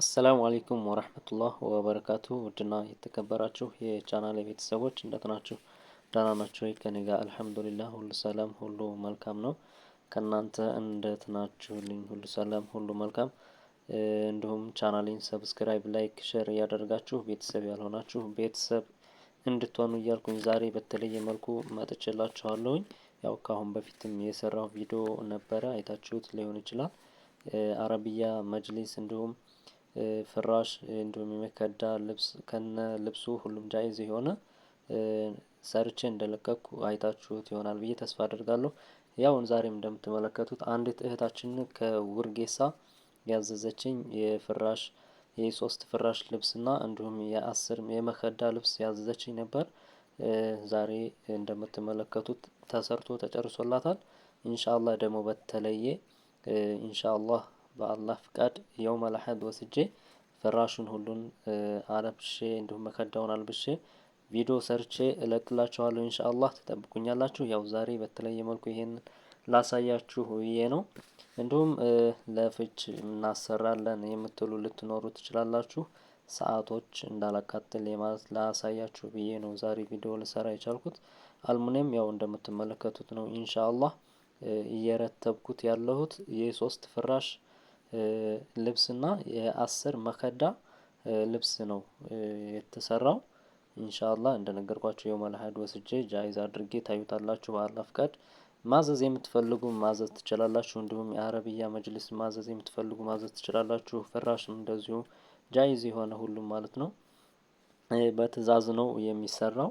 አሰላሙ አሌይኩም ወረህመቱላህ ወበረካቱ ውድና የተከበራችሁ የቻናል ቤተሰቦች እንደት ናችሁ? ደህና ናችሁ? ከኔጋ አልሐምዱሊላህ ሁሉ ሰላም ሁሉ መልካም ነው። ከእናንተ እንደት ናችሁልኝ? ሁሉ ሰላም ሁሉ መልካም። እንዲሁም ቻናሌን ሰብስክራይብ፣ ላይክ፣ ሸር እያደረጋችሁ ቤተሰብ ያልሆናችሁ ቤተሰብ እንድትሆኑ እያልኩኝ ዛሬ በተለየ መልኩ መጥቼላችኋለሁኝ። ያው ከአሁን በፊትም የሰራው ቪዲዮ ነበረ አይታችሁት ሊሆን ይችላል። አረቢያ መጅሊስ እንዲሁም ፍራሽ እንዲሁም የመከዳ ልብስ ከነ ልብሱ ሁሉም ጃይዝ የሆነ ሰርቼ እንደለቀኩ አይታችሁት ይሆናል ብዬ ተስፋ አደርጋለሁ። ያውን ዛሬም እንደምትመለከቱት አንዲት እህታችን ከውርጌሳ ያዘዘችኝ የፍራሽ የሶስት ፍራሽ ልብስና እንዲሁም የአስር የመከዳ ልብስ ያዘዘችኝ ነበር። ዛሬ እንደምትመለከቱት ተሰርቶ ተጨርሶላታል። ኢንሻአላህ ደግሞ በተለየ ኢንሻአላህ በአላህ ፍቃድ የውም አልአሐድ ወስጄ ፍራሹን ሁሉን አለብሼ እንዲሁም መከዳውን አልብሼ ቪዲዮ ሰርቼ እለቅላችኋለሁ። ኢንሻአላህ ትጠብቁኛላችሁ። ያው ዛሬ በተለየ መልኩ ይሄንን ላሳያችሁ ብዬ ነው። እንዲሁም ለፍች እናሰራለን የምትሉ ልትኖሩ ትችላላችሁ። ሰዓቶች እንዳላቃጥል የማለት ላሳያችሁ ብዬ ነው ዛሬ ቪዲዮ ልሰራ የቻልኩት። አልሙኒየም ያው እንደምትመለከቱት ነው ኢንሻአላህ እየረተብኩት ያለሁት የሶስት ፍራሽ ልብስና የአስር መከዳ ልብስ ነው የተሰራው። ኢንሻአላህ እንደነገርኳቸው የውመል አሀድ ወስጄ ጃይዝ አድርጌ ታዩታላችሁ። በአላህ ፍቃድ ማዘዝ የምትፈልጉ ማዘዝ ትችላላችሁ። እንዲሁም የአረብያ መጅልስ ማዘዝ የምትፈልጉ ማዘዝ ትችላላችሁ። ፍራሽም እንደዚሁ ጃይዝ የሆነ ሁሉም ማለት ነው በትዕዛዝ ነው የሚሰራው።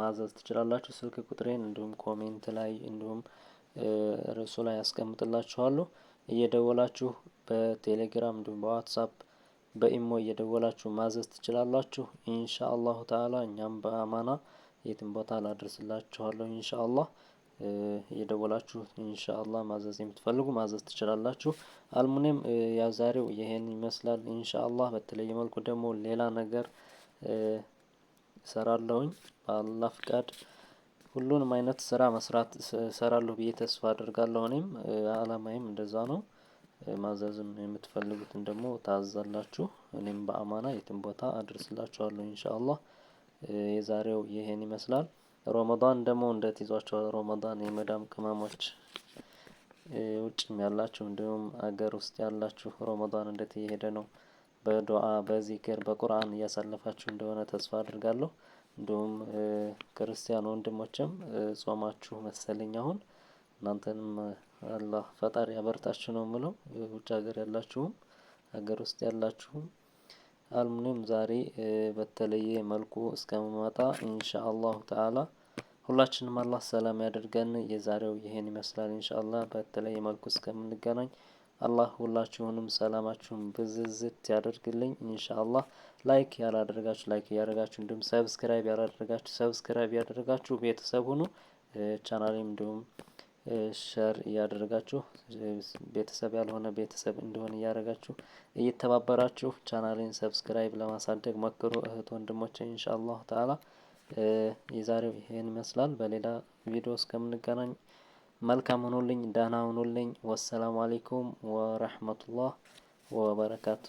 ማዘዝ ትችላላችሁ። ስልክ ቁጥሬን እንዲሁም ኮሜንት ላይ እንዲሁም ርዕሱ ላይ ያስቀምጥላችኋለሁ። እየደወላችሁ በቴሌግራም እንዲሁም በዋትሳፕ በኢሞ እየደወላችሁ ማዘዝ ትችላላችሁ። ኢንሻ አላሁ ተዓላ እኛም በአማና የትም ቦታ ላደርስላችኋለሁ። ኢንሻ አላህ እየደወላችሁ ኢንሻ አላህ ማዘዝ የምትፈልጉ ማዘዝ ትችላላችሁ። አልሙኒም ያው ዛሬው ይሄን ይመስላል። ኢንሻ አላህ በተለየ መልኩ ደግሞ ሌላ ነገር እሰራለሁኝ በአላህ ፍቃድ ሁሉንም አይነት ስራ መስራት እሰራለሁ ብዬ ተስፋ አድርጋለሁ እኔም አላማዬም እንደዛ ነው። ማዘዝም የምትፈልጉትን ደግሞ ታዛላችሁ እኔም በአማና የትም ቦታ አድርስላችኋለሁ ኢንሻአላህ። የዛሬው ይሄን ይመስላል ሮመዳን ደግሞ እንዴት ይዟችኋል? ሮመዳን የመዳም ቅመሞች ውጭም ያላችሁ እንዲሁም አገር ውስጥ ያላችሁ ሮመዳን እንዴት እየሄደ ነው? በዱአ በዚክር በቁርአን እያሳለፋችሁ እንደሆነ ተስፋ አድርጋለሁ። እንዲሁም ክርስቲያን ወንድሞችም ጾማችሁ መሰለኝ አሁን እናንተንም አላህ ፈጣሪ ያበርታችሁ ነው የምለው። ውጭ ሀገር ያላችሁም ሀገር ውስጥ ያላችሁም አልሙኒም ዛሬ በተለየ መልኩ እስከምመጣ ኢንሻአላሁ አላሁ ተዓላ ሁላችንም አላህ ሰላም ያደርገን። የዛሬው ይሄን ይመስላል። ኢንሻ በተለየ መልኩ እስከምንገናኝ አላህ ሁላችሁንም ሰላማችሁን ብዝዝት ያደርግልኝ። ኢንሻአላህ ላይክ ያላደረጋችሁ ላይክ እያደረጋችሁ እንዲሁም ሰብስክራይብ ያላደረጋችሁ ሰብስክራይብ ያደረጋችሁ ቤተሰብ ሁኑ። ቻናሌም እንዲሁም ሸር እያደረጋችሁ ቤተሰብ ያልሆነ ቤተሰብ እንደሆነ እያደረጋችሁ እየተባበራችሁ ቻናሌን ሰብስክራይብ ለማሳደግ ሞክሩ እህት ወንድሞቼ። ኢንሻአላህ ተዓላ የዛሬው ይሄን ይመስላል። በሌላ ቪዲዮ እስከምንገናኝ መልካም ሆኖልኝ፣ ደህና ሆኖልኝ። ወሰላሙ አሌይኩም ወረህመቱላህ ወበረካቱ